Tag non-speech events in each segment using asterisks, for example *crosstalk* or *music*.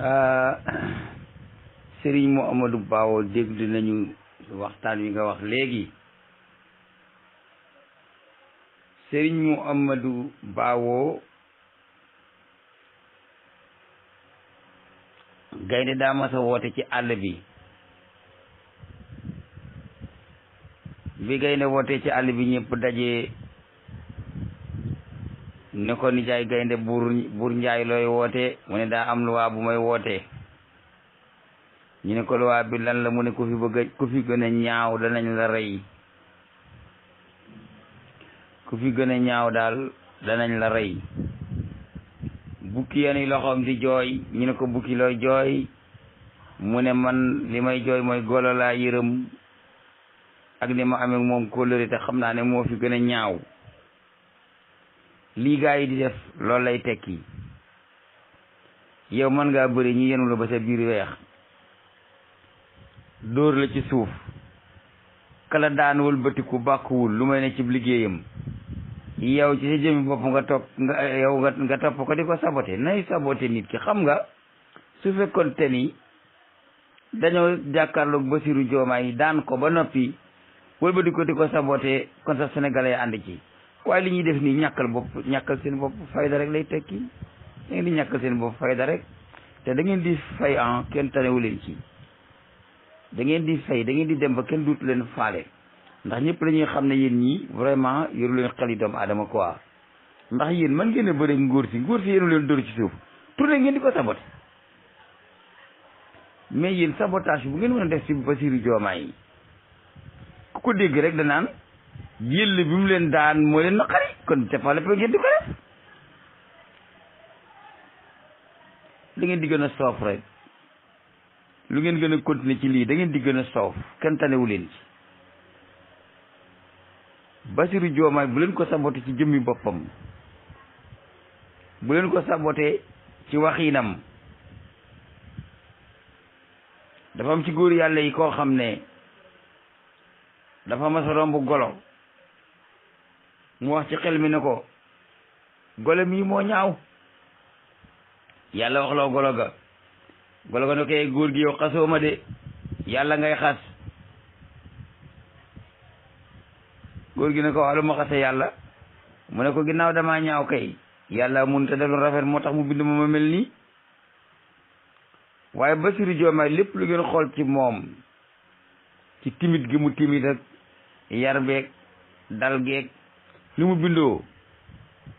Euh, sëriñ *coughs* mu Amadou Baawo déglu nañu waxtaan wi nga wax léegi sëriñ mu Amadou Baawo gaynde daa mas a ci àll bi bi gaynde wootee ci àll bi ñëpp daje ne ko jaay gaynde buur buur njaay looy woote mu ne daa am luwaa bu may woote ñu ne ko luwaa bi lan la mu ne ku fi bëgg ku fi gën a ñaaw nañ la rey ku fi gën a ñaaw daal danañ la rey bukki yani loxoom di jooy ñu ne ko bukki looy jooy mu ne man li may jooy mooy golo laa yërëm ak ni ma amee moom kóllëre te xam naa ne moo fi gën a ñaaw lii gaa yi di def loolu lay tekki yow mën ngaa bëri ñi yenu la ba sa biir weex dóor la ci suuf kala daan wëlbatiku bàkkuwul lu may ne ci liggéeyam yow ci sa jëmmi bopp nga toog nga yow nga topp ko di ko sabote nay sabote nit ki xam nga su fekkoon te ni dañoo jàkkaarloog Basiru Joomaay daan ko ba noppi wëlbatiku di ko sabote kon sax sénégalais ànd ci waaye li ñuy def nii ñàkkal bopp ñàkkal seen bopp fayda rek lay teg da ngeen di ñàkkal seen bopp fayda rek te da ngeen di fay en ah kenn tanewu leen ci dangeen di fay da ngeen di dem ba kenn duutu leen faale ndax ñëpp la ñuy xam ne yéen ñii vraiment yoru leen xel yi doomu aadama quoi ndax yéen man ngeen a bëre ngóor si ngóor si yéenu leen dóor ci suuf tourné ngeen di ko sabote mais yéen sabotage bu ngeen mën a def si Basiru Joomaay yi ku ko dégg rek danaan yëll bi mu leen daan moo leen naqari kon jàppale ko ngeen di ko def li ngeen di gën a soof rek lu ngeen gën a continuer ci lii da ngeen di gën a soof kenn tanewu leen ci Basiru Joomaay bu leen ko saboté ci jëmmi boppam bu leen ko ci waxiinam dafa am ci góor yàlla yi koo xam ne dafa mas romb golo mu wax ci xel mi ne ko golo mii moo ñaaw yàlla waxloo golo ga golo ga ne koy eh, góor gi yow xasoo ma de yàlla ngay xas góor gi ne ko waalu ma xase yàlla mu ne ko ginnaaw damaa ñaaw kay yàlla mënut a def lu rafet moo tax mu bind ma ma mel nii waaye Bassirou Diomaye lépp lu ngeen xool ci moom ci timit gi mu timit ak yar beeg dal geeg li mu bindoo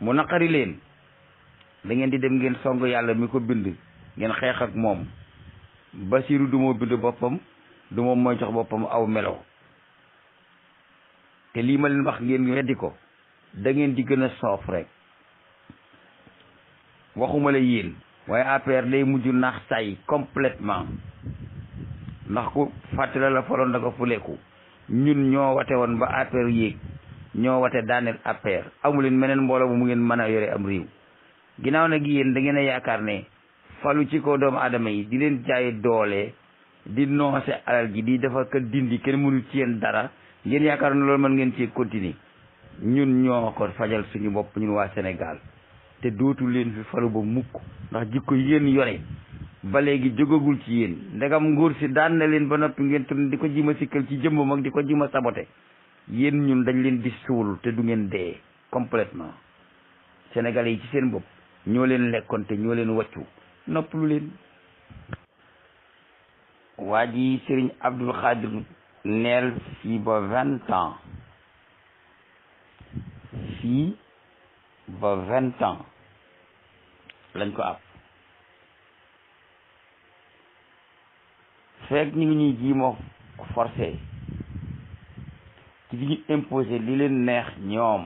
mu naqari leen da ngeen di dem ngeen song yàlla mi ko bind ngeen xeex ak moom basiru du moo bind boppam du moom mooy jox boppam aw melo te lii ma leen wax ngeen weddi ko da ngeen di gën a soof rek waxuma la yéen waaye APR day mujju nax say complètement ndax ku fàttali la faloon da nga fuleeku ñun ñoo wate woon ba APR yéeg ñoo wate daaneel APR amuleen meneen mbooloo bu mu ngeen mën a yore am réew ginnaaw nag yéen da ngeen a yaakaar ne falu ci ko doomu aadama yi di leen jaay doole di noose alal gi di dafa ka dindi kenn mënu ci yéen dara ngeen yaakaar ne loolu mën ngeen ci continuer ñun ñoo ko fajal suñu bopp ñun waa Sénégal te dootu leen fi falu ba mukk ndax jikko yéen yore ba léegi jógagul ci yéen ndegam nguur si daan na leen ba noppi ngeen tur di ko jim a ci jëmmam ak di ko jima sabote yéen ñun dañ leen di suul te du ngeen dee complètement sénégalais yi ci seen bopp ñoo leen lekkoon te ñoo leen wàccu nopp lu leen waa ji sëriñ abdul xaadir neel fii ba vingt ans fii ba vingt ans lañ ko ab fekk ñu ngi ñuy jiima forcé ci di ñu imposé li leen neex ñoom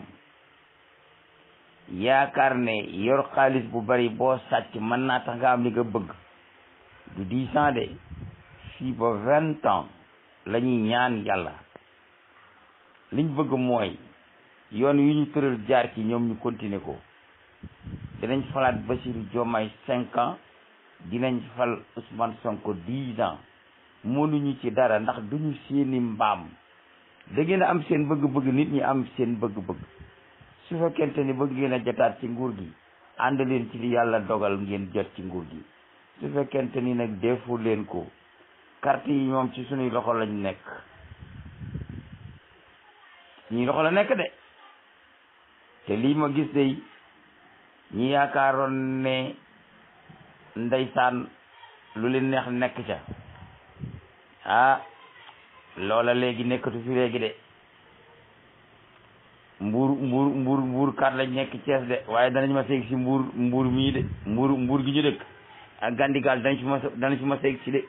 yaakaar ne yor xaalis bu bari boo sàcc mën naa tax nga am li nga bëgg du dix de fii ba vingt ans la ñaan yàlla liñ bëgg mooy yoon yu ñu tëral jaar ci ñoom ñu continuer ko dinañ falaat Bassirou Diomaye cinq ans dinañ fal Ousmane Sonko dix ans mënuñu ci dara ndax duñu seeni mbaam da ngeen a am seen bëgg-bëgg nit ñi am seen bëgg-bëgg su fekkente ni bëgg ngeen a jotaat ci nguur gi ànd leen ci li yàlla dogal ngeen jot ci nguur gi su fekkente ni nag defu leen ko kart yi moom ci suñuy loxo lañ nekk ñuy loxo la nekk de te lii ma gis day ñi yaakaaroon ne ndeysaan lu leen neex nekk ca ah loola léegi nekkatu fi léegi de mbuur mbuur mbuur mbuur kat lañ nekk Cees de waaye danañ ma seeg si mbuur mbuur mii de mbuur mbuur gi ñu dëkk ak gàndigaal danañ fi ma danañ fi ma seeg si de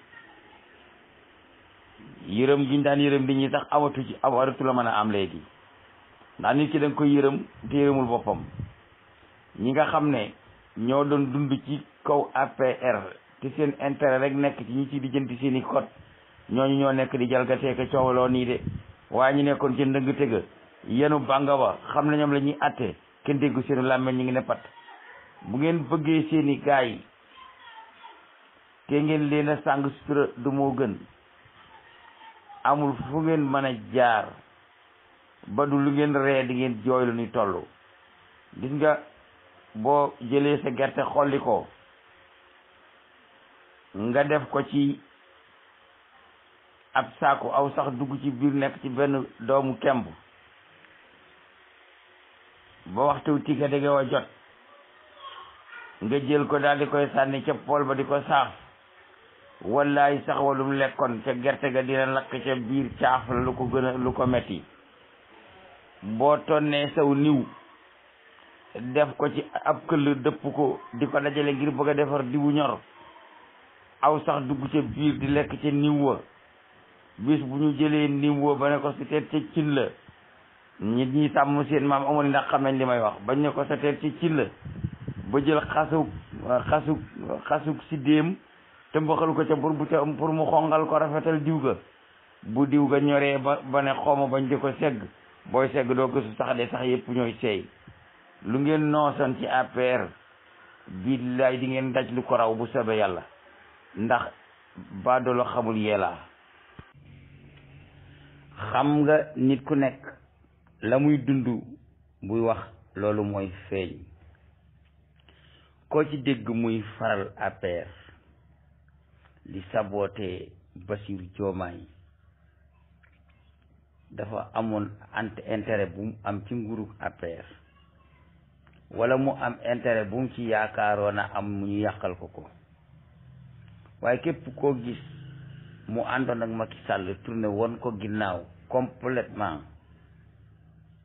yërëm gi ñu daan yërëm nit ñi sax awatu ci awatu la mën a am léegi ndax nit ki da nga koy yërëm te yërëmul boppam ñi nga xam ne ñoo doon dund ci kaw APR te seen intere rek nekk ci ñi ci di seen seeni code ñooñu ñoo nekk di jalgatee ka coowaloo nii de waa ñu nekkoon ci ndëng tëgg yenu bànga ba xam ne ñoom la ñuy atte kenn déggu seenu làmmeñ ñu ngi ne pat bu ngeen bëggee seeni gaay yi te ngeen leen a sàng sutura du moo gën amul fu ngeen mën a jaar ba du lu ngeen ree di ngeen jooy lu ni toll gis nga boo jëlee sa gerte xolli ko nga def ko ci ab saaku aw sax dugg ci biir nekk ci benn doomu kemb ba waxtu tigga dege wa jot nga jël ko daal di koy sànni ca pool ba di ko saaf wallaay sax walum lekkoon ca gerte ga dina lakk ca biir caaf la lu ko gën lu ko metti boo tonnee sew niw def ko ci ab këll dëpp ko di ko dajale ngir bëgg a defar diwu ñor aw sax dugg ca biir di lekk ca niw wa bis bu ñu jëlee ndim woo ba ne ko sa teet ci cin la nit ñi tàmm seen maam amul ndax xam nañ li may wax bañ ne ko sa teet ci cin la ba jël xasug xasug xasug siddéem déem ko ca pour bu ca pour mu xongal ko rafetal diw ga bu diw ga ñoree ba ba ne xooma bañ di ko segg booy segg doo gisu sax de sax yépp ñooy seey lu ngeen noosan ci APR billaay di ngeen daj lu ko raw bu soobee yàlla ndax baadolo xamul yee yeelaa xam nga nit ku nekk la muy dund buy wax loolu mooy feeñ koo ci dégg muy faral APR di saboote Bassirou Diomaye dafa amoon ant intérêt bu mu am ci nguurug APR wala mu am intérêt bu mu ci yaakaaroon a am mu ñu yàqal ko ko waaye képp koo gis mu àndoon ak Macky Sall tourné woon ko ginnaaw complètement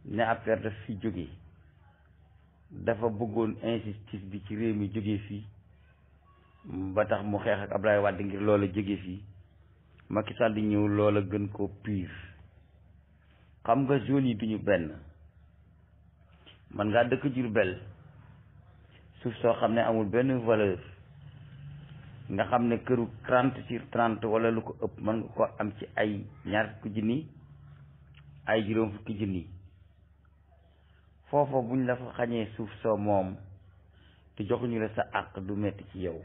ne affaire daf fi jóge dafa bëggoon injustice bi ci réew mi jóge fii ba tax mu xeex ak Abdoulaye Wade ngir loola jóge fii Macky Sall ñëw loola gën ko pire xam nga zone yi ñu benn man ngaa dëkk Jurbel suuf soo xam ne amul benn valeur nga xam ne këru trente sur trente wala lu ko ëpp man nga ko am ci ay ñaar fukki junni ay juróom fukki junni foofa buñ la fa xañee suuf soo moom te joxuñu la sa àq du metti ci yow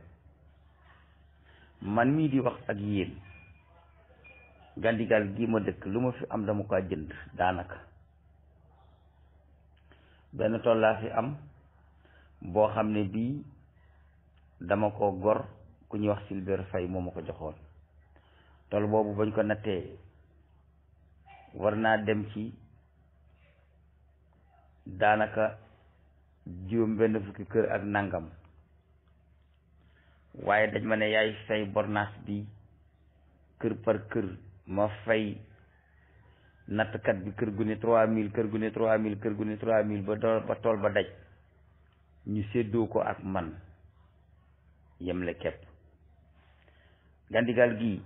man mii di wax ak yéen gàndigaal gii ma dëkk lu ma fi am dama ko jënd daanaka benn tool laa fi am boo xam ne bii dama ko gor ku ñuy wax Silbert Faye moo ma ko joxoon tool boobu bañ ko nattee war naa dem ci daanaka juróom benn fukki kër ak nangam waaye dañ ma ne yaay fay bornaas bi kër par kër ma fay nattkat bi kër gu ne trois mille kër gu ne trois mille kër gu ne trois mille ba dool ba tool ba daj ñu séddoo ko ak man yemle képp gandigal gii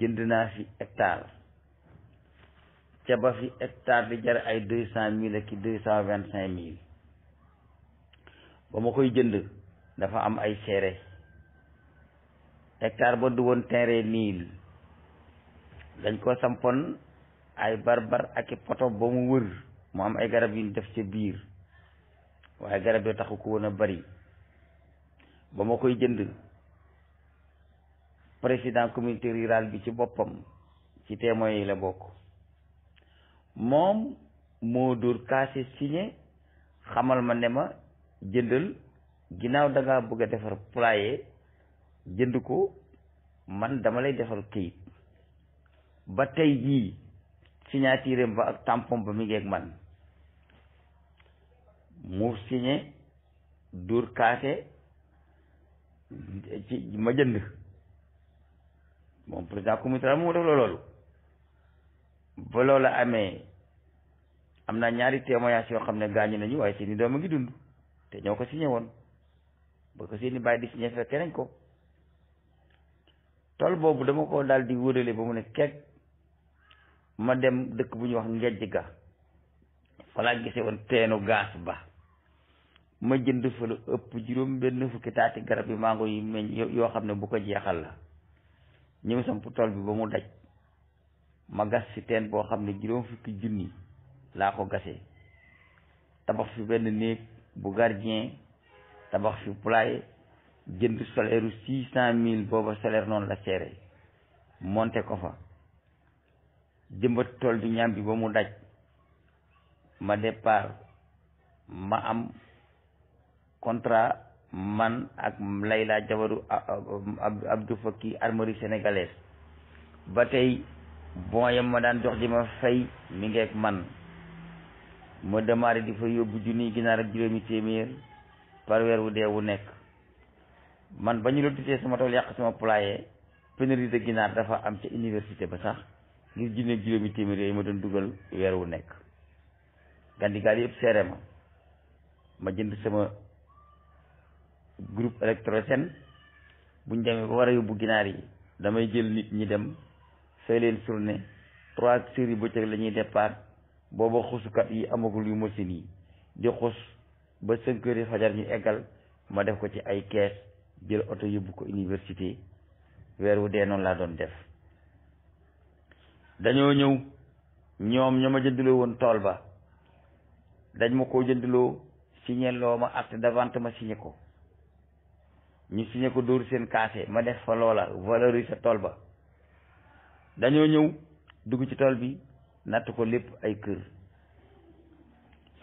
jënd naa fi hectare ca ba fi hectare di jar ay deux cent mille ak deux cent vingt cinq mille ba ma koy jënd dafa am ay seere hectare ba du woon terrain niil dañ ko sampoon ay barbar ak i poto ba mu wër mu am ay garab yu def ca biir waaye garab yoo tax ko woon a bari ba ma koy jënd président communauté rurale bi ci boppam ci témoins yi la bokk moom moo dóor kaase signé xamal ma ne ma jëndal ginnaaw da bëgg a defar poulailler jënd ko man dama lay defar këyit ba tey jii signature ba ak tampon ba mi ngi man mu signé dóor kaase ma jënd moom président comité moo def la amee am na ñaari témoignage yoo xam ne gaañu nañu waaye seeni doom a ngi dund te ñoo ko signé woon ba ko seeni ko tool boobu dama ko daal di wërale ba mu ne kekk ma dem dëkk bu ñuy wax ngejj ga fa laa gise woon teenu gaas ba ma jënd fa ëpp juróom benn fukki taati garab yi mango yi meññ yoo xam ne bu ko jeexal la ñëw samp tool bi ba mu daj ma gas ci teen boo xam ne juróom fukki junni laa ko gasee tabax fi benn néeg bu gardien tabax fi poulailler jënd solaire six cent mille booba solaire noonu la seere monte ko fa jëmbat tool bi ñaam bi ba mu daj ma départ ma am contrat man ak Layla jabaru Abdou Fakki armerie sénégalaise ba tey bon yam ma daan jox di ma fay mi ngeeg man ma démarré di fa yóbbu junniy ginaar ak juróomi téeméer par weer wu dee wu nekk man ba ñu lotissee sama tool yàq sama poulailler pénurie de ginaar dafa am ca université ba sax ngir junneeg juróomi téeméer yooyu ma doon dugal weer wu nekk gandigaal yëpp seere ma ma jënd sama groupe électrogène buñ demee ba war a yóbbu ginaar yi damay jël nit ñi dem fay leen journée trois séries bëccëg la ñuy départ booba xusukat yi amagul yu machine yi di xus ba cinq heures fajar ñu eggal ma def ko ci ay kees jël oto yóbbu ko université weer wu dee noonu laa doon def dañoo ñëw ñoom ñoo ma jëndiloo woon tool ba dañ ma koo jëndiloo signeloo ma acte de ma signé ko ñu signé ko dóor seen kaase ma def fa loola sa tool ba dañoo ñëw dugg ci tool bi natt ko lépp ay kër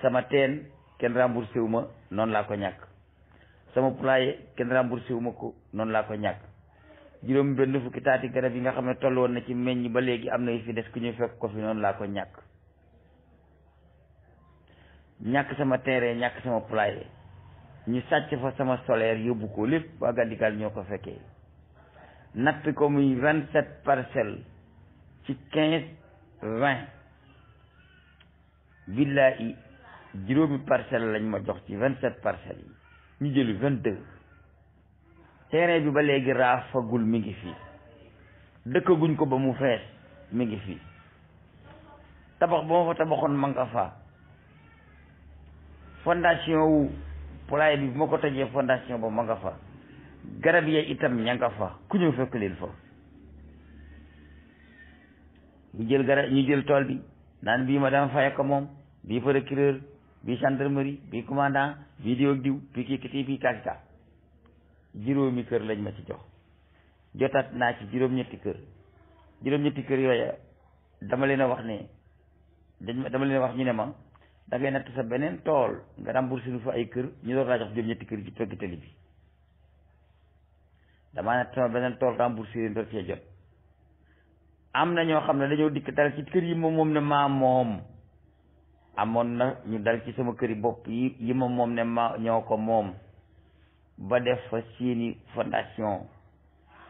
sama teen kenn remboursé wu ma noonu laa ko ñàkk sama poulailler kenn remboursé wu ma ko noonu laa ko ñàkk juróom benn fukki taati garab yi nga xam ne toll woon na ci meññ ba léegi am na yu fi des ku ñu fekk ko fi noonu laa ko ñàkk ñàkk sama terrain ñàkk sama poulailler ñu sàcc fa sama solaire yóbbu koo lépp waa Gandigal ñoo ko fekkee natt ko muy vingt sept parcelles ci quinze vingt billaahi juróomi parcelle lañ ma jox ci vingt sept parcelles yi ñu jël vingt deux terrain bi ba léegi raafagul mi ngi fii dëkkaguñ ko ba mu fees mi ngi fi tabax ba ma fa tabaxoon ma fa fondation wu poulailler bi bu ma ko tojee fondation ba ma nga fa garab ya itam ña nga fa ku ñëw fekk leen fa ñu jël garab ñu jël tool bi naan bii ma dama faye ko moom bii procureur bii gendarmerie bii commandant bii diw ak diw bii kii kiti bii kaaki ka juróomi kër lañ ma ci jox jotaat naa ci juróom-ñetti kër juróom-ñetti kër yooya dama leen a wax ne dañ dama leen wax ñu ne ma da ngay natt sa beneen tool nga remboursé nu fa ay kër ñu door laa jox juróom ñetti kër ci toggi tali bi damaa natt sama beneen tool remboursé leen door cee jot am na ñoo xam ne dañoo dikk dal ci kër yi ma moom ne maa moom amoon na ñu dal ci sama kër yi bopp yi yi ma moom ne ma ñoo ko moom ba def fa seeni fondation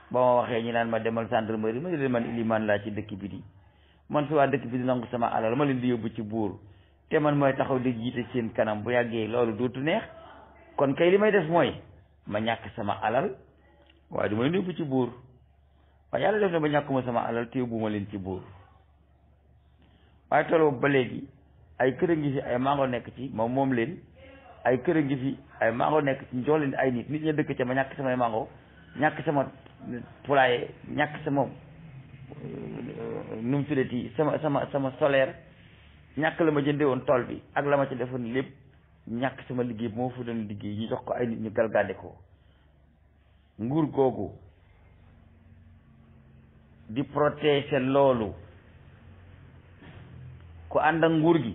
ba ma waxee ñu naan ma demal gendarmerie ma leen man ilimaan laa ci dëkk bi di man fi waa dëkk bi di nangu sama alal ma leen di yóbbu ci buur te man mooy taxaw di jiite seen kanam bu yàggee loolu dootu neex kon kay li may def mooy ma ñàkk sama alal waaye du may nëbb ci buur waaye yàlla def na ba ñàkkuma sama alal te yóbbuma leen ci buur waaye tolloo ba léegi ay kër a ngi fi ay mango nekk ci ma moom leen ay kër a ngi fi ay mango nekk ci jox leen ay nit nit ña dëkk ca ma ñàkk samay mango ñàkk sama poulailler ñàkk sama euh, nu mu tuddati sama sama sama solaire ñàkk la ma jëndee woon tool bi ak la ma ci defoon lépp ñàkk sama liggéey moo fa doon liggéey ñu jox ko ay nit ñu galgaande ko nguur googu di protéger loolu ku ànd ak nguur gi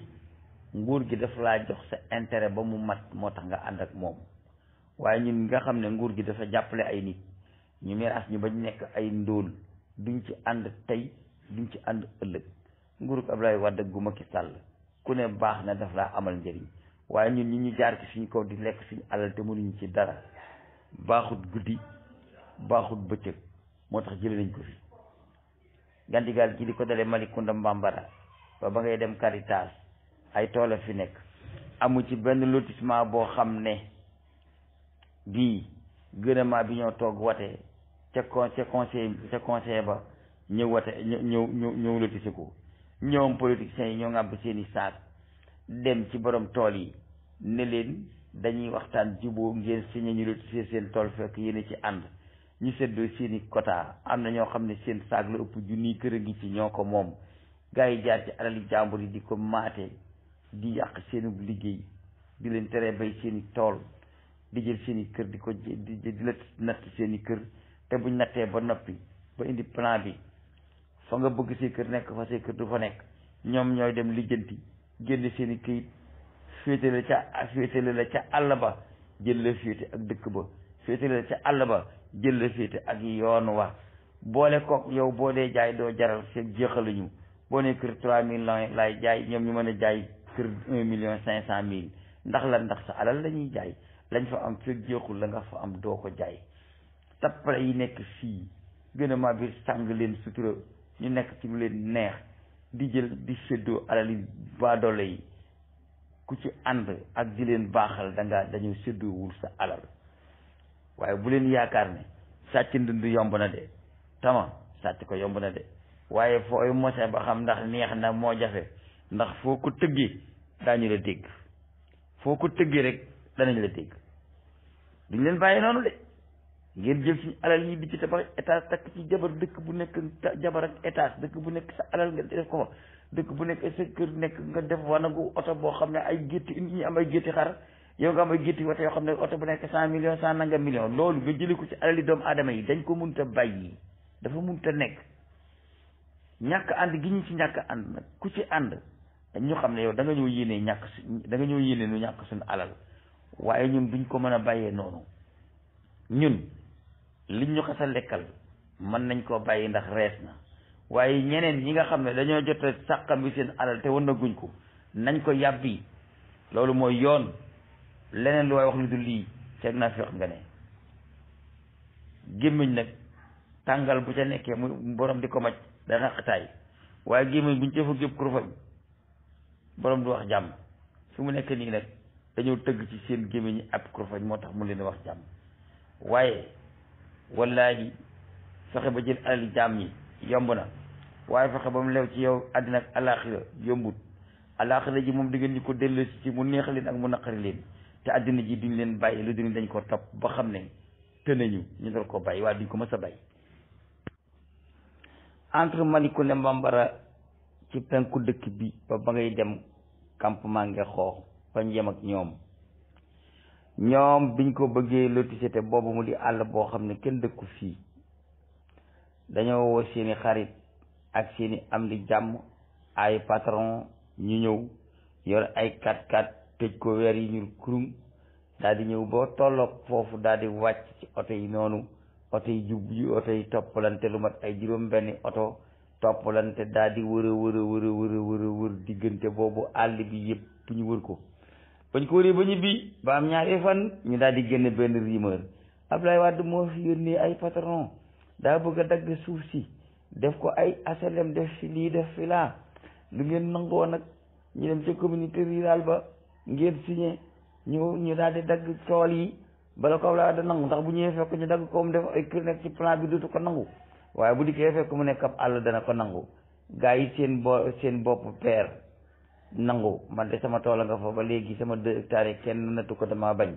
nguur gi daf laa jox sa intérêt ba mu mat moo tax nga ànd ak moom waaye ñun nga xam ne nguur gi dafa jàppale ay nit ñu miraas ñu bañ nekk ay ndóol duñ ci ànd tey duñ ci ànd ëllëg nguurug Ablaye Wade gu Macky Sall ku ne baax na daf laa amal njëriñ waaye ñun ñi ñu jaar ci suñu kaw di lekk suñu alal te mënuñu ci dara baaxut guddi baaxut bëccëg moo tax jële nañ ko fi. gandigaal gi di ko dalee Malicounda Mbambara ba ba ngay dem Caritas ay tool a fi nekk amul ci benn lotissement boo xam ne bii gouvernement bi ñoo toog wate ca con ca conseil ca conseil ba ñëw wate ñëw ñëw ñëw lotissé ko ñoom politiciens yi ñoo ŋàbb seen i saak dem ci borom tool yi ne leen dañuy waxtaan juboo ngeen signé ñu lotisé seen tool fekk yéen ci ànd ñu seddoo seen i quota am na ñoo xam ne seen saag la ëpp junniy kër a ngi ci ñoo ko moom gars yi jaar ci alali jàmbur yi di ko maate di yàq seenu liggéey di leen tere bay seen tool di jël seen kër di ko di la natt seen i kër te buñ nattee ba noppi ba indi plan bi fa nga bëgg say kër nekk fa say kër du fa nekk ñoom ñooy dem lijjanti génn seen i këyit féetale ca la ca àll ba jël la féete ak dëkk ba féetale la ca àll ba jël la féete ak yoon wa boole kook yow boo dee jaay doo jaral seen jeexaluñu boo ne kër trois mille laay jaay ñoom ñu mën a jaay kër un million cinq cent mille ndax la ndax sa alal lañuy ñuy jaay lañ fa am fekk jeexul la nga fa am doo ko jaay tappale yi nekk fii gën a maa biir sàng leen sutura ñu nekk ci lu leen neex di jël di séddoo alali baadoole yi ku ci ànd ak di leen baaxal da nga dañoo séddoowul sa alal waaye bu leen yaakaar ne sàcc ndund yomb na de tama sàcc ko yomb na de waaye fooy mose ba xam ndax neex na moo jafe ndax foo ko tëggee ñu la dégg foo ko tëggee rek danañ la dégg duñ leen bàyyi noonu de ngeen jël si alal yi di ci tabax étage takk ci jabar dëkk bu nekk jabar ak étage dëkk bu nekk sa alal nga def ko dëkk bu nekk sa kër nekk nga def waa wanagu oto boo xam ne ay gétti ñu am ay gétti xar yow nga am ay gétti wata yoo xam ne oto bu nekk cent million cent nanga million loolu nga jëlee ko ci alal yi doomu aadama yi dañ ko mënut a bàyyi dafa mënut a nekk ñàkk ànd gi ñu ci ñàkk ànd ku ci ànd ñu xam ne yow da nga ñëw yéenee ñàkk suñ danga ñëw yéenee nu ñàkk suñu alal waaye ñun duñ ko mën a bàyyee noonu ñun liñ ñu xas a lekkal mën nañ koo bàyyi ndax rees na waaye ñeneen ñi nga xam ne dañoo jot sàqam bi seen alal te wan a guñ ko nañ ko yàbbi loolu mooy yoon leneen lu waaye wax lu du lii ceeg naa fi wax nga ne gémmiñ nag tàngal bu ca nekkee mu borom di ko maj dana xataay waaye gémmiñ buñ ca fa gépp kurfañ borom du wax jàmm fi mu nekk nii nag dañoo tëgg ci seen gémmiñ ab kurfañ moo tax mu leen wax jàmm waaye wallaahi fexe ba jël alal jaam yi yomb na waaye fexe ba mu lew ci yow àddina ak alaaxira yombut alaaxira ji moom di ngeen ñu ko delloosi ci mu neex leen ak mu naqari leen te àddina ji duñ leen bàyyi lu duñ dañ ko topp ba xam ne te nañu ñu doon ko bàyyi waaye duñ ko mës a bàyyi entre Malicounda Bambara ci penku dëkk bi ba ba ngay dem campement nga xoox bañ yem ak ñoom ñoom biñ ko bëggee lotissé te boobu mu di àll boo xam ne kenn dëkku fii dañoo woo seeni xarit ak seeni am di jàmm ay patron ñu ñëw yor ay kat-kat tëj ko weer yi ñuul kurum daal di ñëw boo tolloog foofu daal wàcc ci oto yi noonu oto yi jub yi oto yi toppalante lu mat ay juróom benni oto toppalante daal di wër a wër a wër a diggante boobu àll bi yëpp ñu wër ko bañ ko wëree ba ñibbi ba am ñaari fan ñu daal di génne benn rumeur Ablaye Wade moo fi nii ay patron daa bëgg a dagg suuf si def ko ay aselem def fi def fi laa lu ngeen nangoo nag ñu dem ca communauté rurale ba ngeen signé ñu ñu daal di dagg tool yi bala ko Ablaye Wade nangu ndax bu ñëwee fekk ñu dagg ko mu def ay kër nekk ci plan bi dootu ko nangu waaye bu dikkee fekk mu nekk ab àll dana ko nangu gaa yi seen bo seen bopp peer nangu man de sama tool a nga fa ba léegi sama deux hectares yi kenn nattu ko dama bañ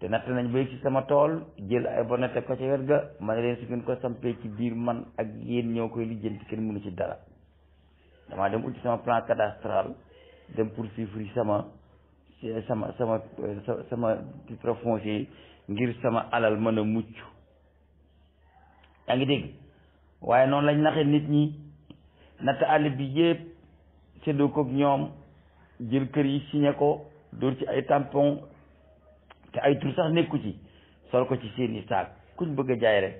te natt nañ ba ci sama tool jël ay bonnet teg ko ci wet ga ma ne su ngeen ko sampee ci biir man ak yéen ñoo koy lijjanti kenn mënu ci dara damaa dem uti sama plan cadastral dem pour yi sama sama sama sama titre foncier ngir sama alal mën a mucc yaa ngi dégg waaye noonu lañ naxe nit ñi natt àll bi yépp séddoo koog ñoom jël kër yi signé ko dóor ci ay tampon te ay tur sax nekku ci sol ko ci seeni saak kuñ bëgg a jaay rek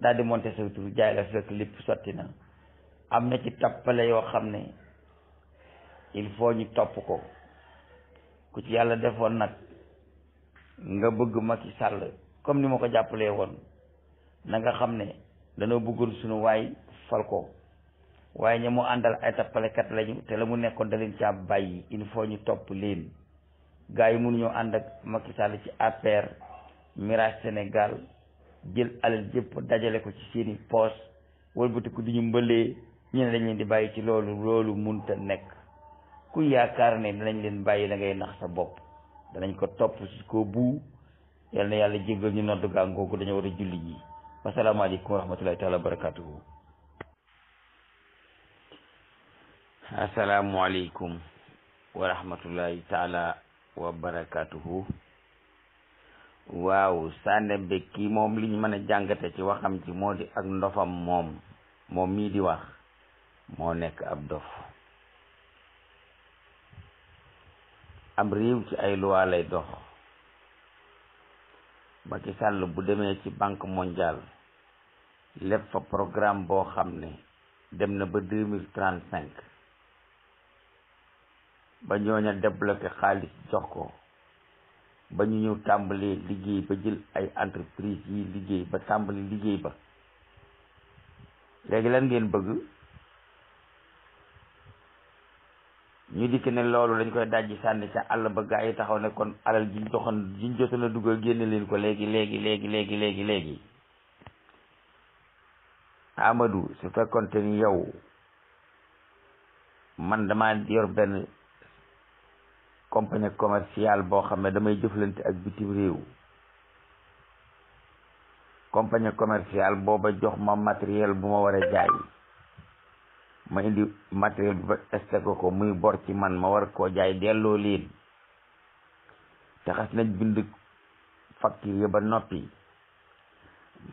daal di monté sa tur jaay la fekk lépp sotti na am na ci tappale yoo xam ne il faut ñu topp ko ku ci yàlla defoon nag nga bëgg Macky Sall comme ni ma ko jàppalee woon na nga xam ne danoo bëggoon suñu waay fal ko waaye ña mu àndal ay tappalekat lañu te la mu nekkoon da leen caa bàyyi il faut ñu topp leen gars yi mënuñoo ànd ak Macky Sall ci APR Mirage senegal jël alal jëpp dajale ko ci seeni poos wëlbatiku di ñu mbëlee ñu ne leen di bàyyi ci loolu loolu munta nekk ku yaakaar ne danañ leen bàyyi da ngay nax sa bopp danañ ko topp si ko bu yal na yàlla jéggal ñu noddu gaa ngoogu dañoo war a julli ji wasalaamaaleykum wa rahmatullahi taala wa asalaamualeykum wa rahmatullahi taala wa barakatuhu waaw Sané Bekki moom li mën a jàngate ci waxam ci moo di ak ndofam moom moom mii di wax moo nekk ab dof am réew ci ay luwaa lay dox ci sàll bu demee ci banque mondial lépp fa programme boo xam ne dem na ba deux ba ñooña débloqué xaalis jox ko ba ñu ñëw tàmbali liggéey ba jël ay entreprise yi liggéey ba tàmbali liggéey ba léegi lan ngeen bëgg ñu dikk ne loolu dañ koy dajji sànni ca àll ba gaa yi taxaw ne kon alal ji joxoon ji jotoon a dugg génne leen ko léegi léegi léegi léegi léegi léegi Amadou su fekkonte ni yow man dama yor benn compagnie commerciale boo xam ne damay jëflante ak bitim réew compagnie commerciale booba jox ma matériel bu ma war a jaay ma indi matériel bi ba stocké ko muy bor ci man ma war koo jaay delloo leen te xas nañ bind facture yi ba noppi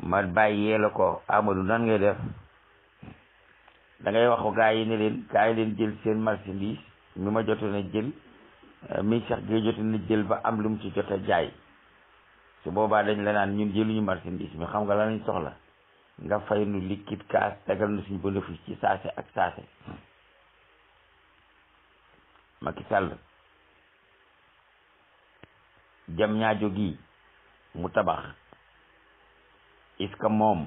ma bàyyee la ko Amadou nan ngay def dangay wax waxu gaa yi ne leen gaa yi leen jël seen marchandise mi ma jotoon a jël Euh, mi sax gi na jël ba am lu mu ci jot a jaay su boobaa dañ la naan ñun jëluñu marchandise mi xam nga la lañ soxla nga fay nu liquide cash dagal na suñu bénéfice ci saase ak saase Macky Sall jam ñaajo gi mu tabax est moom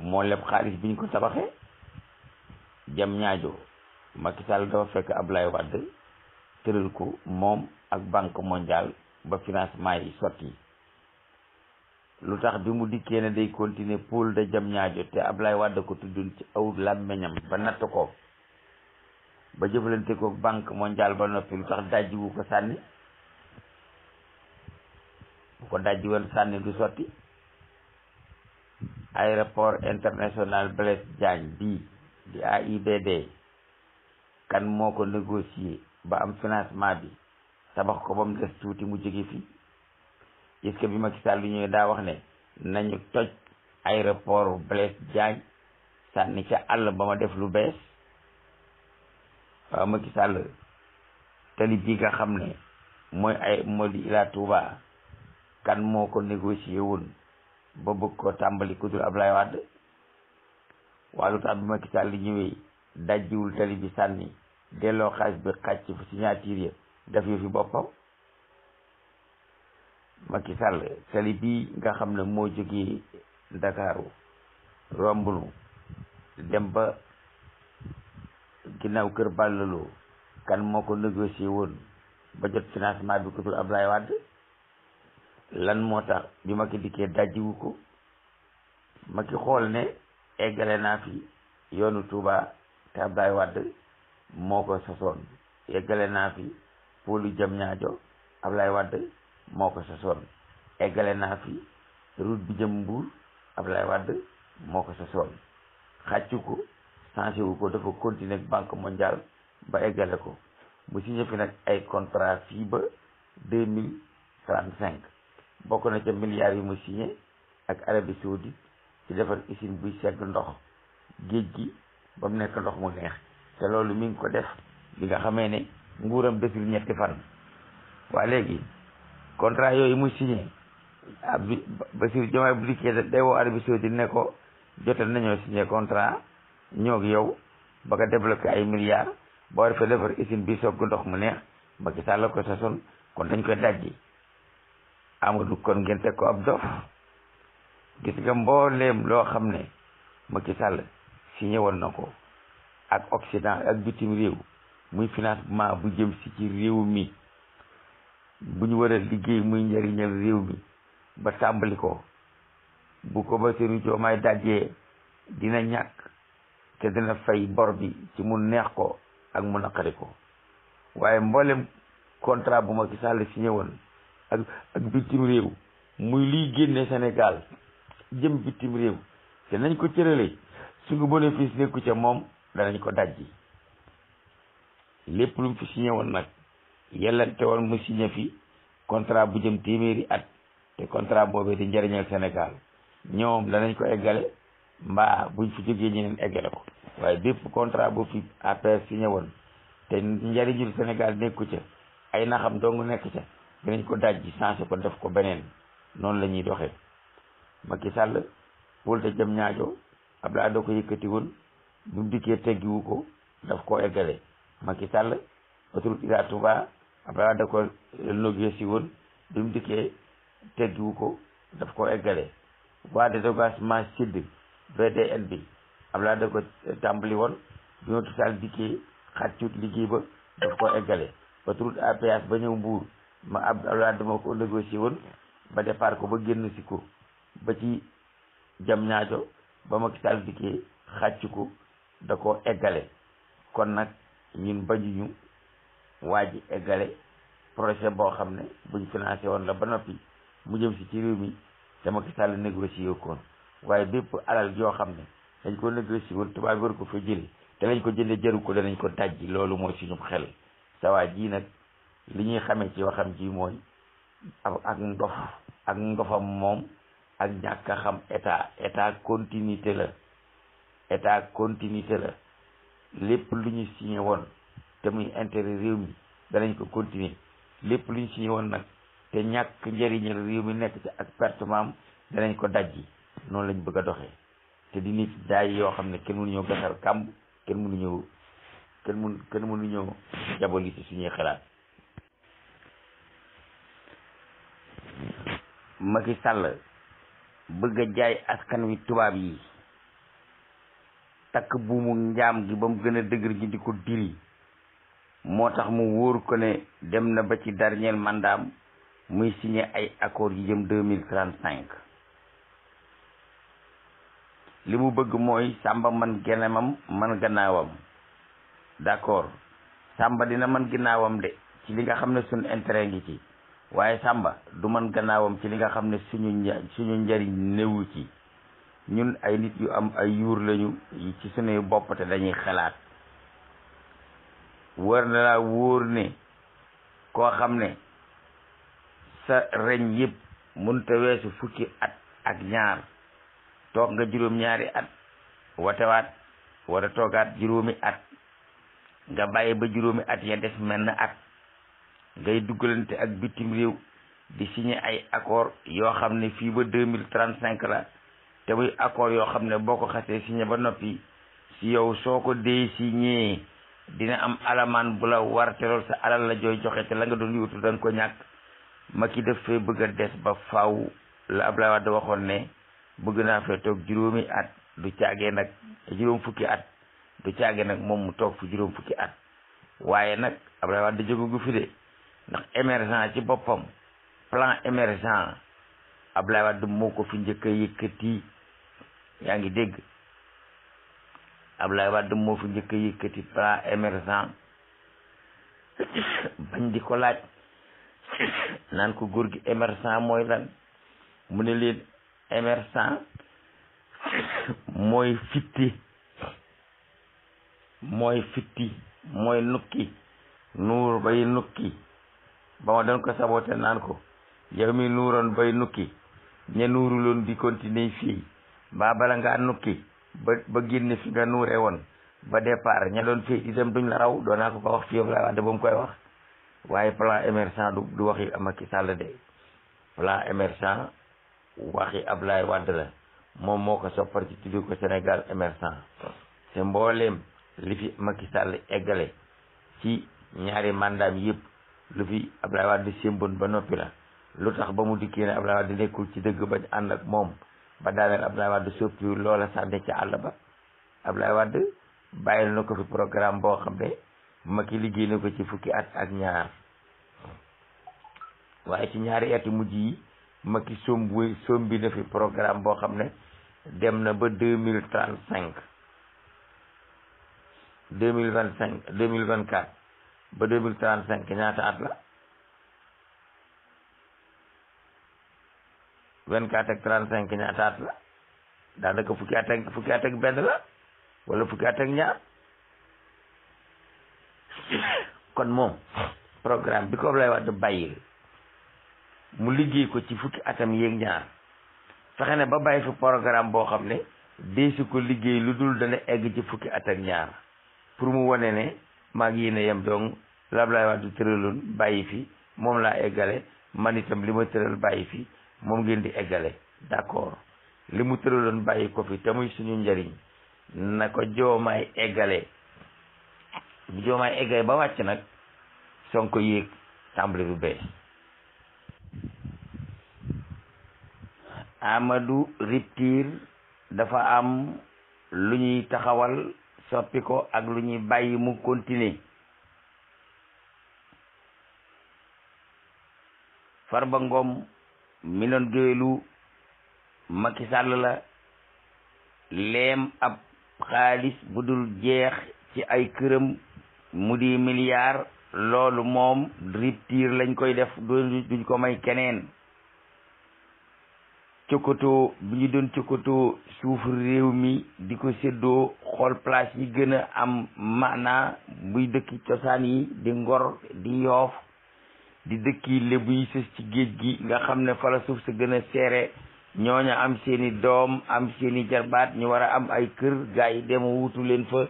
moo leb xaalis bi ñu ko tabaxee jam ñaajo Macky Sall dafa fekk Ablaye Wade tëral ko moom ak banque mondiale ba financement yi sotti lu tax bi mu dikkee ne day continuer pôle de Diamniadio te Ablaye Wade ko tuddul ci aw làmmiñam ba natt ko ba jëflante ko banque mondiale ba noppi lu tax dajjiwu ko sànni bu ko dajji woon sànni du sotti aéroport international Blaise Diagne bii di AIBD kan moo ko négocier ba am financement bi tabax ko ba mu des tuuti mu jege fi gis que bi Macky Sall lu ñëwee daa wax ne nañu toj aéroport Blaise Diagne sànni ca àll ba ma def lu bees waaw Macky Sall tali bi nga xam ne mooy ay moo di Ila Touba kan moo ko négocié woon ba bëgg koo tàmbali ku dul Ablaye Wade waaye lu tax bi Macky Sall ñëwee dajjiwul tali bi sànni delloo xaalis bi xàcc signature ya daf yu fi boppam Macky Sall tali bii nga xam ne moo jógee Ndakaaru romb nu dem ba ginnaaw kër bàllaloo kan moo ko négocié woon ba jot financement bi ko dul Ablaye Wade lan moo tax bi ma ki dikkee dajjiwu ko ma ki xool ne eggale naa fi yoonu Touba te Ablaye Wade moo ko sasoon eggale naa fi poolu jam ñaajo Ablaye Wade moo ko sasoon eggale naa fi route bi jëm Mbuur Ablaye Wade moo ko sasoon xàccu ko changé wu ko dafa continuer banque mondiale ba eggale ko mu signé fi nag ay contrat fii ba deux mille trente cinq bokk na ca milliards yi mu signé ak Arabie Saoudite ci defar usine buy segg ndox géej gi ba mu nekk ndox mu neex te loolu mi ngi ko def bi nga xamee ne nguuram defil ñetti fan waa léegi contrat yooyu muy signé ah bi Bassirou Diomaye bu dikkee day woo Arabie Saoudite ne ko nañoo signé contrat ñoo gi yow ba nga débloqué ay milliards boo defee defar usine bi soog ndox mu neex Macky ki la ko sasoon kon dañ koy dajji Amadou kon ngeen teg ko ab dof gis nga mbooleem loo xam ne Macky sàll signé woon na ko ak Occident ak bitim réew muy financement bu jëm si ci réew mi bu ñu war a liggéey muy njëriñal réew mi ba tàmbali ko bu ko Bassirou Diomaye dajee dina ñàkk te dina fay bor bi ci mu neex ko ak mu naqari ko waaye mboolem contrat bu ma Sall signé woon ak ak bitim réew muy liy génne Sénégal jëm bitim réew te nañ ko cëralee suñu bénéfice nekku ca moom danañ ko dajji lépp lu mu fi signé woon nag yellante woon mu signé fi contrat bu jëm téeméeri at te contrat boobee di njëriñal Sénégal ñoom danañ ko eggale mbaa buñ fi jógee ñeneen eggale ko waaye bépp contrat bu fi APS signé woon te njëriñul Sénégal nekku ca ay naxam dong nekk ca danañ ko dajji changé ko def ko beneen noonu lañuy ñuy doxee Macky Sall pôle te jëm ñaajo Abdoulaye doo ko yëkkati woon bu mu dikkee teggiwu ko daf koo eggale Macky Sall autoroute Ila Touba Abdoulaye Wade da ko inauguré eh, woon bi mu dikkee teggiwu ko daf koo eggale voie de dégagement sud VDN ko eh, tàmbali woon bi Macky Sall dikkee xàccut liggéey ba daf koo eggale autoroute à péage ba ñëw Mbour ma Abdoulaye Wade moo ko négocié woon ba départ ko ba génn si ko ba ci jam ñaajo ba Macky Sall dikkee xàcc ko da koo eggale kon nag ñun bañuñu waa ji eggale projet boo xam ne buñ financé woon la ba noppi mu jëm si ci réew mi dama ki sàll négocié koon waaye bépp alal yoo xam ne dañ ko négocié woon tubaab war ko fa jële te lañ ko jënde jëru ko danañ ko dajji loolu mooy suñu xel sa waa ji nag li ñuy xamee ci waxam ji mooy ak ndof ak ndofam moom ak ñàkk a xam état état continuité la état continuité la lépp lu ñu signé woon te muy intérêt mi danañ ko continuer lépp lu ñu signé woon nag te ñàkk njëriñal réew mi nekk ci ak pertement danañ ko daj yi noonu lañ bëgg a doxe te di nit daay yoo xam ne kenn mënu ñëw gasar kàmb kenn mënu ñëw kenn mënu kenn ñëw jaboli ci suñuy xalaat Macky Sall bëgg a jaay askan wi tubaab yi takk buumu njaam gi ba mu gën a dëgër ji di ko diri moo tax mu wóor ko ne dem na ba ci dernier mandaam muy signé ay accord yi jëm deux mille trente cinq li mu bëgg mooy sàmba man genemam man gannaawam d'accord sàmba dina man gannaawam de ci li nga xam ne suñu intérêt ngi ci waaye sàmba du man gannaawam ci li nga xam ne suñu suñu njariñ newu ci ñun ay nit yu am ay yuur lañu ci sunuy bopp te dañuy xalaat war na wóor ne koo xam ne sa reñ yëpp mënta weesu fukki at ak ñaar toog nga juróom-ñaari at watewaat wala toogaat juróomi at nga bàyyi ba juróomi at ya def mel na at ngay duggalante ak bitim réew di signé ay accord yoo xam ne fii ba deux mille trente cinq la te muy accord yoo xam ne boo ko xasee signé ba noppi si yow soo ko dee signé dina am alamaan bu la war te loolu sa alal la jooy joxe te la nga doon yuutu da nga ko ñàkk Macky daf fee bëgg a des ba faw la Abdoulaye Wade waxoon ne bëgg naa fee toog juróomi at du caagee nag juróom fukki at du caagee nag moom mu toog fi juróom fukki at waaye nag Abdoulaye Wade jóge gu fi de ndax émergent ci boppam plan émergent Abdoulaye Wade moo ko fi njëkk a yëkkati yaa ngi dégg Ablaye Wade moo fi njëkk a yëkkati plan bañ di ko laaj naan ko góor gi émergent mooy lan mu ne leen émergent mooy fitti mooy fitti mooy nukki nuur bay nukki ba doon ko saboté naan ko yow mi nuuroon bay nukki ña nuuruloon di continuer fii mbaa bala ngaa nukki ba ba génne fi nga nuure woon ba départ ña doon fii itam duñ la raw doonaa ko ko wax ci yow la wax ba mu koy wax waaye plan émergent du du waxi Macky Sall de plan émergent la moom moo ko soppar ci tuddu ko Sénégal émergent te mbooleem li fi Macky Sall eggale ñaari mandaam yëpp fi Ablaye Wade sémboon ba noppi la lu tax ba mu dikkee ne Ablaye Wade nekkul ci dëgg ba ànd ak moom ba daaneel Abdoulaye Wade soppi loola sànni ci àll ba Abdoulaye Wade bàyyil na ko fi programme boo xam ne Macky liggéey na ko ci fukki at ak ñaar waaye ci ñaari ati mujj yi Macky sombu sombi na fi programme boo xam ne dem na ba deux mille trente cinq deux mille vingt cinq deux mille vingt quatre ba deux mille trente cinq ñaata at la vingt quatre ak trente cinq ñaata at la daanaka fukki at ak fukki at ak benn la walla fukki at ak ñaar kon moom programme bi ko lay wax da bàyyil mu liggéey ko ci fukki atam yéeg ñaar fexe ne ba bàyyi fi programme boo xam ne deesu ko liggéey lu dul dana egg ci fukki at ak ñaar pour mu wane ne maag yéen a yem donc la Abdoulaye Wade tëraloon bàyyi fi moom laa eggale man itam li ma tëral bàyyi fi moom ngeen di eggale d'accord li mu tëraloon bàyyi ko fi te muy suñu njariñ na ko joomaay eggale bu joomaay eggale ba wàcc nag Sonko yéeg tàmbali bu bees Amadou dafa am lu ñuy taxawal soppi ko ak lu ñuy bàyyi mu continuer Farba Ngom mi doon géwélu Macky la leem ab xaalis bu dul jeex ci ay këram mu di milliard loolu moom rupture lañ koy def duñ ko may keneen cokkatoo bi ñu doon cokkatoo suuf réew mi di ko séddoo xool place yi gën a am maanaa buy dëkk cosaan yi di Ngor di Yoof di dëkki lébu yi sës ci géej gi nga xam ne fa suuf sa gën a seere ñooña am seeni doom am seeni jarbaat ñu war a am ay kër gaa yi dem wutu leen fa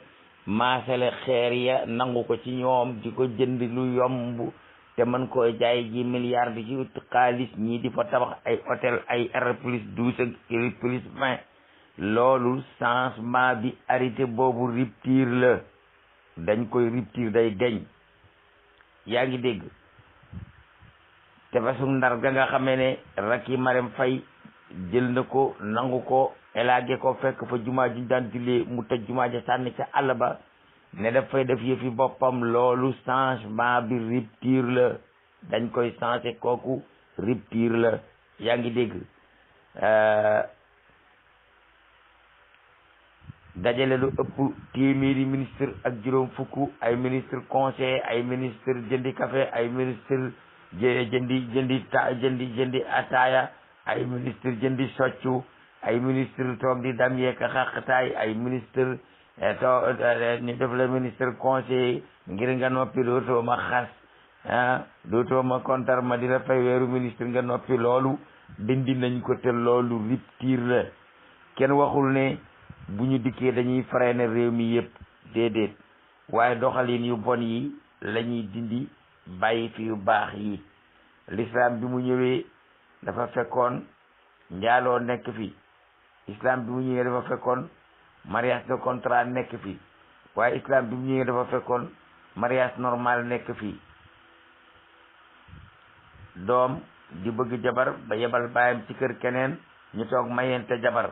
maasale xeer ya nangu ko ci ñoom di ko jënd lu yomb te mën koo jaay ji milliard bi ci xaalis ñii di fa tabax ay hôtel ay R plus douze ak R plus vingt loolu changement bi arrêté boobu rupture la dañ koy rupture day deñ yaa ngi dégg ca besug ndar ga xamee ne rakki Marème Faye jël na ko nangu ko elage ko fekk fa jumaa ji daan jullee mu tëj jumaa ja sànni ca àll ba ne dafay def yëfi boppam loolu changement bi rupture la dañ koy changé kooku rupture la yaa ngi dégg euh, dajale lu ëpp téeméeri ministre ak juróom fukk ay ministre conseil ay ministre jëndi café ay ministre jëndi jëndi ta jëndi jëndi ay ministre jëndi soccu ay ministre toog di dam yeek xaqtaay ay ministre eh, to eh, ñu def la ministre conseiller ngir nga noppi dootoo ma xas ah, nga noppi loolu dindi nañ ko te loolu rupture la kenn waxul ne bu ñu dikkee dañuy freiné réew mi yëpp déedéet waaye doxalin yu bon yi lañuy dindi bàyyi fi yu baax yi l'islam bi mu ñëwee dafa fekkoon njaaloo nekk fi islam bi mu ñëwee dafa fekkoon mariage contrat nekk fi waaye islam bi mu ñëwee dafa fekkoon mariage normal nekk fi doom di bëgg jabar ba yebal baayam ci kër keneen ñu toog mayente jabar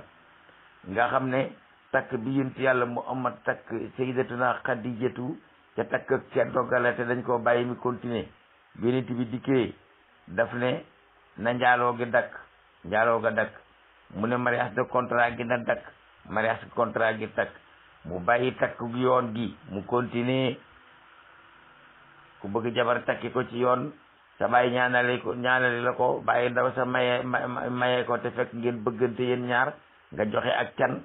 nga xam ne takk bi yonent yàlla mu amat takk sayyidatuna xadijatu ca takk ak ca doggale te dañ koo bàyyi mi continuer benit bi dikkee daf ne na njaaloo gi dakk njaaloo ga dakk mu ne mariage de contra gi na dakk mariage contrat gi takk mu bàyyi takk yoon gi mu continuer ku bëgg jabar takki ko ci yoon sa bàyyi ñaanale ko ñaanale la ko bàyyi ndaw sa maye maye ko te fekk ngeen bëggante yéen ñaar nga joxe ak can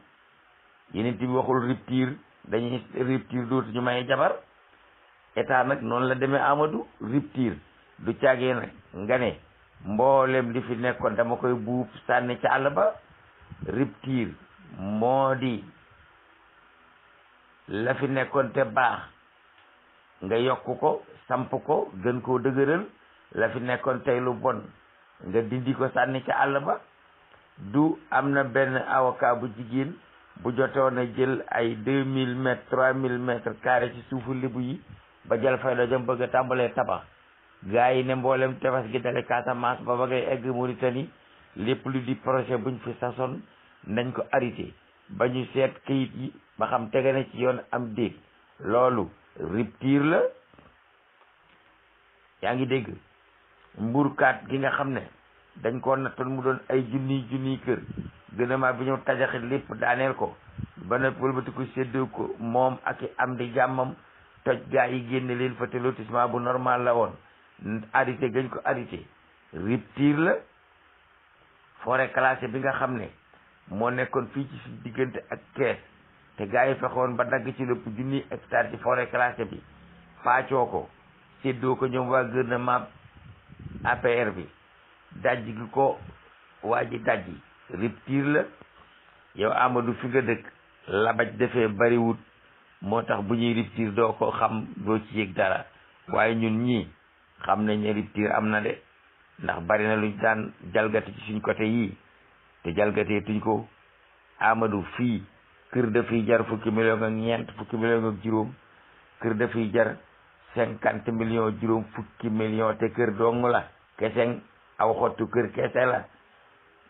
yeneen bi waxul rupture dañuy rupture dootu ñu maye jabar état nag noonu la demee Amadou rupture du caagee nag nga ne mboolem li fi nekkoon dama koy buub sànni ca àll ba riptiir moo di la fi nekkoon te baax nga yokk ko samp ko gën koo dëgëral la fi nekkoon tey lu bon nga dindi ko sànni ca àll ba du am na benn avocat bu jigéen bu woon a jël ay deux mille mètres trois mille mètres carré ci suufu libu yi ba jël fayda jëm bëgg a tàmbalee tabax gaa yi ne mboolem tefes gi dale Casamance ba ba ngay egg Mauritanie lépp lu di projet buñ fi sasoon nañ ko arrêté ba ñu seet kayit yi ba xam tege na ci yoon am déet loolu rupture la yaa ngi dégg mburkaat gi nga xam ne dañ ko nattoon mu doon ay junni junniy kër gouvernement bi ñëw tajaxit lépp daaneel ko ba ne wëlbatiku séddoo ko moom ak i am di jàmmam toj gaa yi génne leen fa te lotissement bu normal la woon arrêté gañ ko arrêté rupture la forêt classée bi nga xam ne moo nekkoon fii ci si diggante ak kees te gaa yi fexoon ba dagg ci lëpp junniy hectare ci forêt classée bi faacoo ko séddoo ko ñoom waa gouvernement APR bi dajj gi ko waa daj dajji la yow Amadou fi nga dëkk labaj defee bariwut moo tax bu ñuy rupture doo ko xam doo ci yëg dara waaye ñun ñii xam nañ ne rupture am na de ndax bari na luñ daan jalgati ci suñ côté yii te jalgatee tuñ ko Amadou fii kër dafay jar fukki million ak ñeent fukki million ak juróom kër dafay jar cinquante million juróom fukki million te kër dong la keseŋ aw xottu kër kese la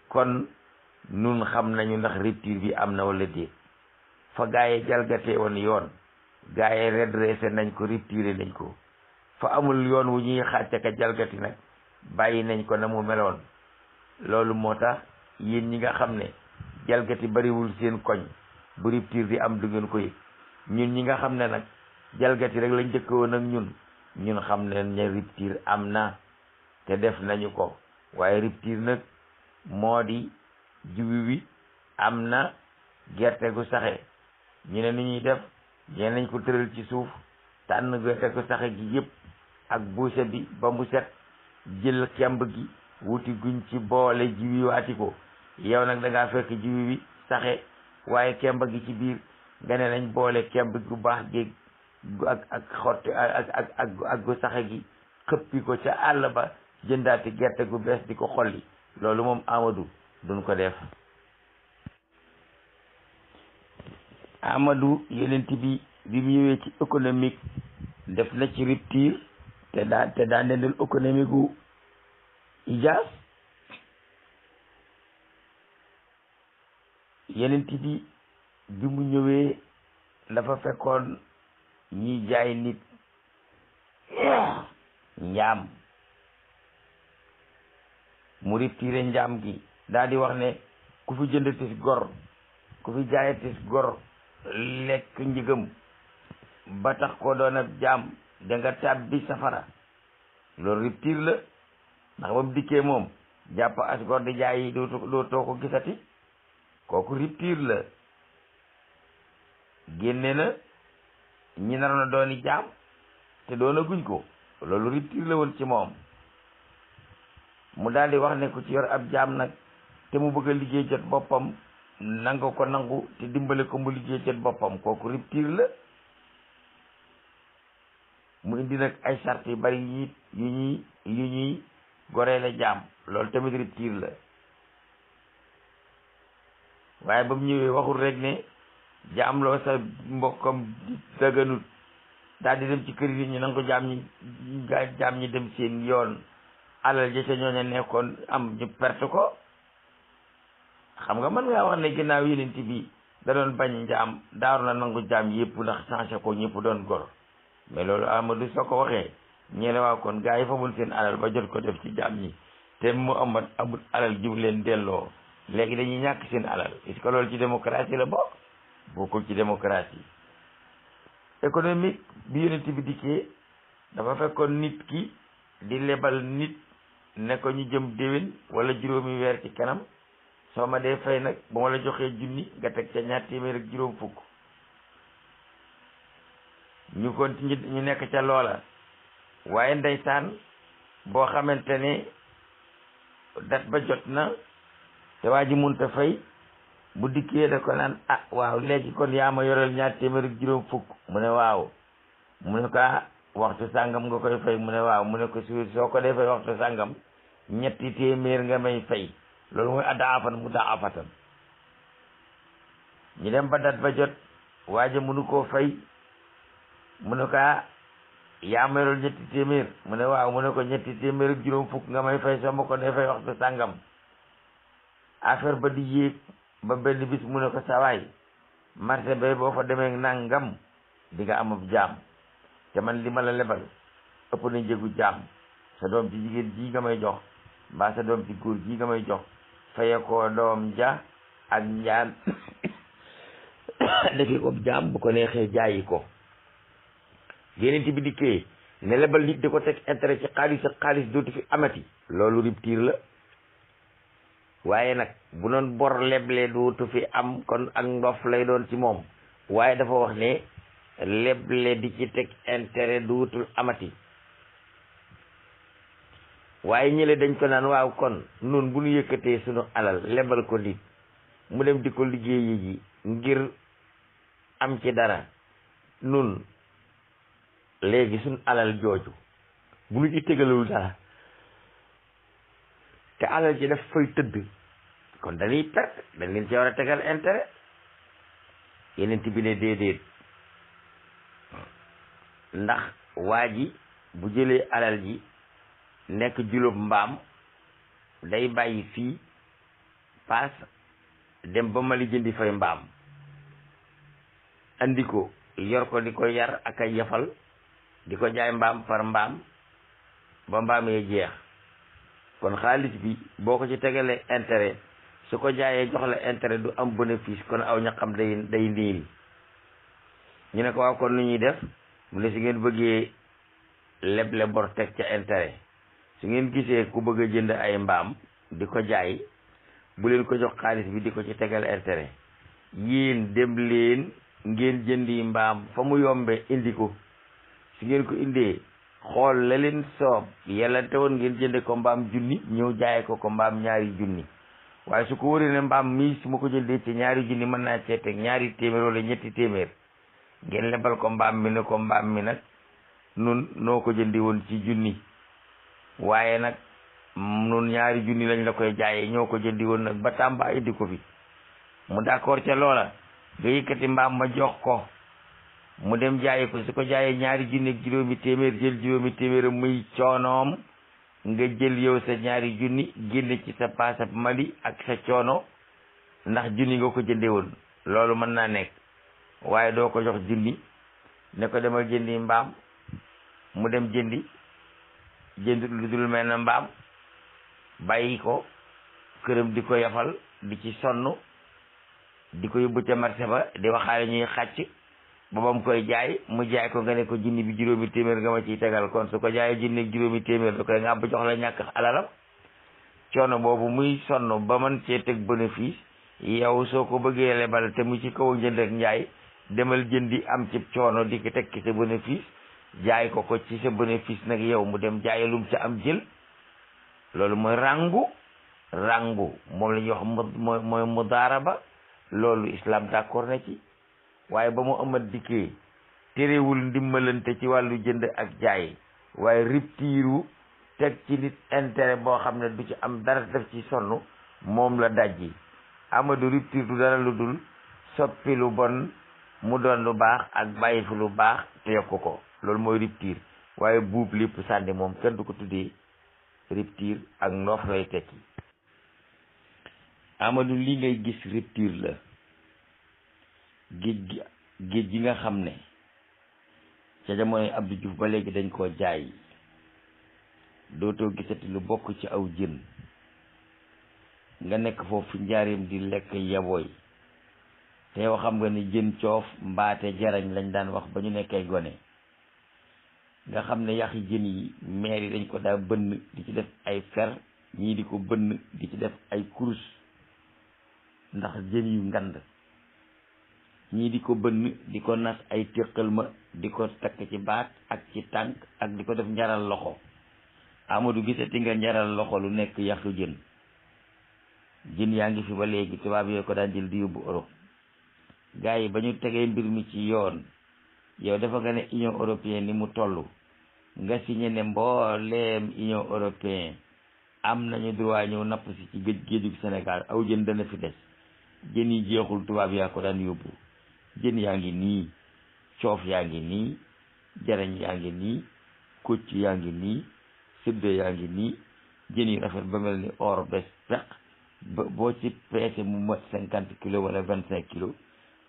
kon nun xam nañu ndax rupture bi am na wala déet fa gaa yi jalgatee woon yoon gaa yi redressé nañ ko rupturé nañ ko fa amul yoon wu ñuy xàcce jalgati nag bàyyi nañ ko na mu meloon loolu moo tax yéen ñi nga xam ne jalgati bariwul seen koñ bu rupture di am du ngeen ko yëg ñun ñi nga xam ne nag jalgati rek lañ jëkk woon ak ñun ñun xam ne ne rupture am na te def nañu ko waaye rupture nag moo di jiwu wi am na gerte gu saxe ñu ne ni ñuy def ñee nañ ko tëral ci suuf tànn gerte ko saxe gi yëpp ak buuse bi ba mu set jël kemb gi wuti guñ ci boole jiwi waati ko yow nag da ngaa fekk jiwi bi saxe waaye kemb gi ci biir nga ne nañ boole kemb gu baax géeg ak ak xott ak ak ak gu saxe gi xëppi ko ca àll ba jëndaati gerte gu bees di ko xolli loolu moom Amadou duñ ko def amadu yonent bi bi mu ñëwee ci économique def na ci rupture te daa te daa nendal économique gu Hijaaz yonent bi bi mu ñëwee dafa fekkoon ñiy jaay nit njaam mu rupture njaam gi daal di wax ne ku fi jëndatis gor ku fi jaayatis gor lekk njigam ba tax ko doon ab jaam da nga tàbbi safara loolu riptiir la ndax ba mu dikkee moom jàppa asgor di jaay yi dootoo ko gisati kooku riptiir la génne na ñi naroon a dooni jaam te doona guñ ko loolu riptiir la woon ci moom mu daldi wax ne ku ci yor ab jaam nag te mu bëgg a liggéey jot boppam nanga ko nangu te dimbale ko mu liggéey ca boppam kooku rupture la mu indi nag ay sart yu bari yi yu ñuy yu ñuy goreele jaam loolu tamit rupture la waaye ba mu ñëwee waxul rek ne jaam loo sa mbokkam di daganut dem ci kër yi ñu nangu jaam ñi jaam ñi dem seen yoon alal ja ca ñooña nekkoon am ñu perte ko xam nga mën ngaa wax ne ginnaaw yeneen bi da doon bañ njaam daaru na nangu jaam yëpp ndax changé ko ñëpp doon gor mais loolu ama Amadou soo ko waxee ñu ne waaw kon gars yi fabul seen alal ba jot ko def ci jaam ñi te mu amat amul alal jim leen delloo léegi dañuy ñàkk seen alal est-ce que loolu ci démocratie la bokk bokkul ci démocratie économique bi yonent bi dikkee dafa fekkoon nit ki di lebal nit ne ko ñu jëm déwén wala juróomi weer ci kanam soo ma dee fay nag bu ma la joxee junni nga teg ca ñaar téeméer juróom fukk ñu kon ñu nekk ca loola waaye ndeysaan boo xamante ne dat ba jot na te waa ji munta fay bu dikkee da ko naan ah waaw léegi kon yaa ma yoral ñaar téeméer juróom fukk mu ne waaw mu ne ko ah waxtu sàngam nga koy fay mu ne waaw mu ne ko suur soo ko dee fay waxtu sàngam ñetti téeméer nga may fay loolu mooy addaafan mu daafatan ñu dem ba dat ba jot waaje mënu koo fay mu ne kaa ah, yaa melool ñetti téeméer mu ne waaw mu ne ko ñetti téeméer juróom fukk nga may fay soo ma ko dee fay waxtu sàngam affaire ba di yéeg ba benn bis mu ne ko sawaay marché bay boo fa demee nangam di nga amub jaam te man li ma la lebal ëpp na njëgu jaam sa doom ci jigéen jii nga may jox mbaa sa doom ci góor jii nga may jox faye ko doom ja ak njaam *coughs* defi ko jaam bu ko neexee jaayi ko yeneen bi dikkee ne lebal nit di ko teg intérêt ci xaalis ak xaalis dootu fi amati loolu rupture la waaye nag bu doon bor leble wutu fi am kon ak ndof lay doon ci moom waaye dafa wax ne leble di ci teg intérêt dootul amati waaye ñële dañ ko naan waaw kon nun bu ñu yëkkatee sunu alal lebal ko nit mu dem di ko liggéeyi ji ngir am ci dara nun léegi sunu alal jooju bu ñu ci tegalul dara te alal ji daf fay tëdd kon dañuy perte dañ leen ci war a tegal intérêt yeneen bi ne déedéet ndax waa ji bu jëlee alal ji nekk julub mbaam day bàyyi fii paas dem ba Mali jëndi fay mbaam andi yor ko di ko yar ak ay yafal di ko jaay mbaam par mbaam ba mbaam yee jeex kon xaalis bi boo ko ci tegalee intérêt su ko jaayee jox la intérêt du am bénéfice kon aw ñaqam day day niil ñu ne ko waaw kon nu ñuy def mu ne si ngeen bëggee leble bor teg ca intérêt su ngeen gisee ku bëgg a jënd ay mbaam di ko jaay bu leen ko jox xaalis bi di ko ci tegal intérêt yéen dem leen ngeen jëndi mbaam fa mu yombe indi ko su ngeen ko indee xool la leen soob yàlla te woon ngeen jënde ko mbaam junni ñëw jaaye ko ko mbaam ñaari junni waaye su ko wëree ne mbaam mii su ma ko jëndee ci ñaari junni mën naa cee ñaari téeméer wala ñetti téeméer ngeen lebal ko mbaam mi ne ko mbaam mi nag nun noo ko jëndi woon ci junni waaye nag nun ñaari junni lañ la koy jaayee ñoo ko jëndi woon nag ba Tamba indi ko fi mu d'accord ca loola nga yëkkati mbaam ma jox ko mu dem jaayi ko su ko jaayee ñaari junni ak juróomi téeméer jël juróomi téeméer muy coonoom nga jël yow sa ñaari junni génn ci sa paasab Mali ak sa coono ndax junni nga ko jëndee woon loolu mën naa nekk waaye doo ko jox junni ne ko demal jëndi mbaam mu dem jëndi jëndul lu dul mel na mbaam bàyyi ko këram di ko yafal di ci sonn di ko yóbbu ca marché ba di waxaale ñuy xàcc boobam koy jaay mu jaay ko nga ne ko junni bi juróomi téeméer nga ma ciy tegal kon su ko jaayee junni juróomi téeméer da koy ngàbb jox la ñàkk alalam coono boobu muy sonn ba man cee teg bénéfice yow soo ko bëggee lebal te mu ci kaw jënd ak njaay demal di am ci coono di teg ci sa jaay ko ko ci sa bénéfice nag yow mu dem jaayalum ca am jël loolu mooy ràngu ràngu moom la ñuy wax mu mooy mudaaraba loolu islam d'accord na ci waaye ba mu amat dikkee terewul ndimbalante ci wàllu jënd ak jaay waaye rupture teg ci nit intérêt boo xam ne du ci am dara def ci sonn moom la dajji amadu rupture du dara lu dul soppi lu bon mu doon lu baax ak bàyyi fi lu baax te yokku ko loolu mooy rupture waaye buub lépp sànni moom kenn du ko tuddee rupture ak noof lay tekki Amadou li ngay gis rupture la géej gi nga xam ne ca jamonoy Abdou Diouf ba léegi dañ koo jaay dootoo gisati lu bokk ci aw jën nga nekk foofu njaarim di lekk yabooy te yow xam nga ni jën coof mbaate jarañ lañ daan wax ba ñu nekkee gone nga xam ne yaxi jën yi maire yi dañ ko daa bënn di ci def ay fer ñii di ko bënn di ci def ay kurus ndax jën yu ngand ñii di ko bënn di ko nas ay téqal di ko takk ci baat ak ci tànk ak di ko def njaral loxo Amadou gisati nga njaral loxo lu nekk yaxu jën jën yaa ngi fi ba léegi tubaab yooyu ko daan jël di yóbbu Europe gars yi ba ñu tegee mbir mi ci yoon yow dafa nga ne Union européenne ni mu toll nga signé ne mbooleem union européen am nañu droit ñëw napp si ci géej géejug Sénégal aw jën dana fi des jën yi jeexul tubaab yaa ko daan yóbbu jën yaa ngi nii coof yaa ngi nii jarañ yaa ngi nii kocc yaa ngi nii sëddo yaa ngi nii jën yu rafet ba mel ni or bes peq boo ci peese mu mat cinquante kilos wala vingt cinq kilo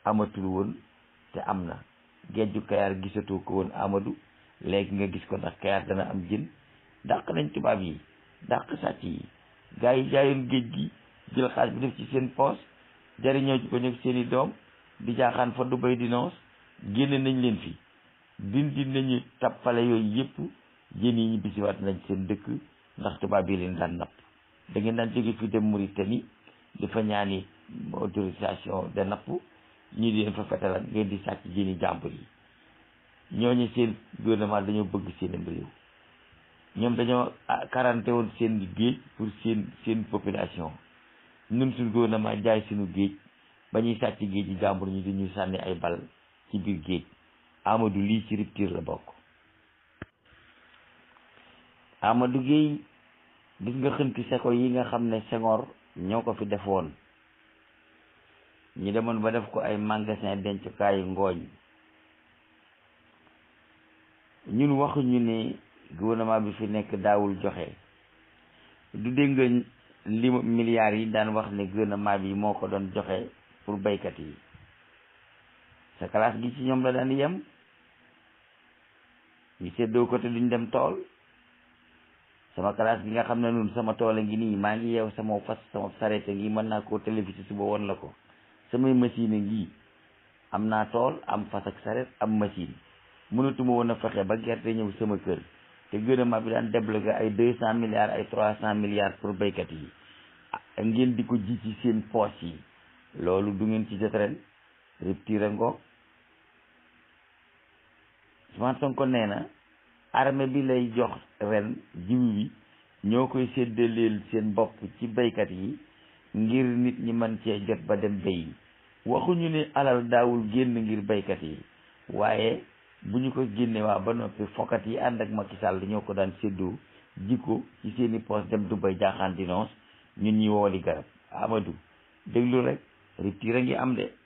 amatul woon te am na géeju Kayaar gisatoo ko woon Amadou léegi nga gis ko ndax kayaar dana am jën dàq nañ tubaab yi dàq sàcc yi gars yi jaayoon géej gi jël xaalis bi def ci seen poos jariñoo ci ko ñëw seen i doom di jaaxaan fa du bay di noos génne nañ leen fi dindi nañu tappale yooyu yëpp jën yi ñu bisiwaat nañ seen dëkk ndax tubaab yi leen daan napp da ngeen daan jóge fi dem Mauritanie dafa ñaani autorisation de napp ñi di leen fa fetal ak ngeen di sàcc jëni jàmbur yi ñoo ñooñu seen gouvernement dañoo bëgg seen am ñoom dañoo quaranté woon seen géej pour seen seen population ñun suñ gouvernement jaay suñu géej ba ñuy sàcc géej yi jàmbur ñu di ñu sànni ay bal ci biir géej Amadou lii ci rupture la bokk Amadou Gueye gis nga xënti seko yi nga xam ne Senghor ñoo ko fi def woon ñu demoon ba def ko ay magasin dencukaayu ngooñ ñun waxuñu ne gouvernement bi fi nekk daawul joxe du dégg nga li milliards yi daan wax ne gouvernement yi moo ko doon joxe pour baykat yi sa classe gi ci ñoom la daan yem ñu seddoo côté duñ dem tool sama classe gi nga xam ne nun sama tool a ngi nii maa ngi yeew sama fas sama sareet a ngi mën naa koo télévisé suba woon la ko samay machine a ngi am naa tool am fas ak sareet am machine mënatuma woon a fexe ba gerte ñëw sama kër te gouvernement bi daan débloqué ay deux cent milliards ay trois cent milliards pour béykat yi ah, ngeen di ko ji ci seen poos yi loolu du ngeen ci jot ren rupture ngo nee na armée bi lay jox ren jiw wi ñoo koy séddaleel seen bopp ci béykat yi ngir nit ñi mën cee jot ba dem béy waxuñu ne alal daawul génn ngir béykat yi waaye bu ñu ko génne waa ba noppi fokat yi ànd ak Macky Sall ñëw ko daan séddoo jikko ci seeni poos dem Dubai jaaxaan di noos ñun ñi wooli garab Amadou déglu rek rupture a ngi am de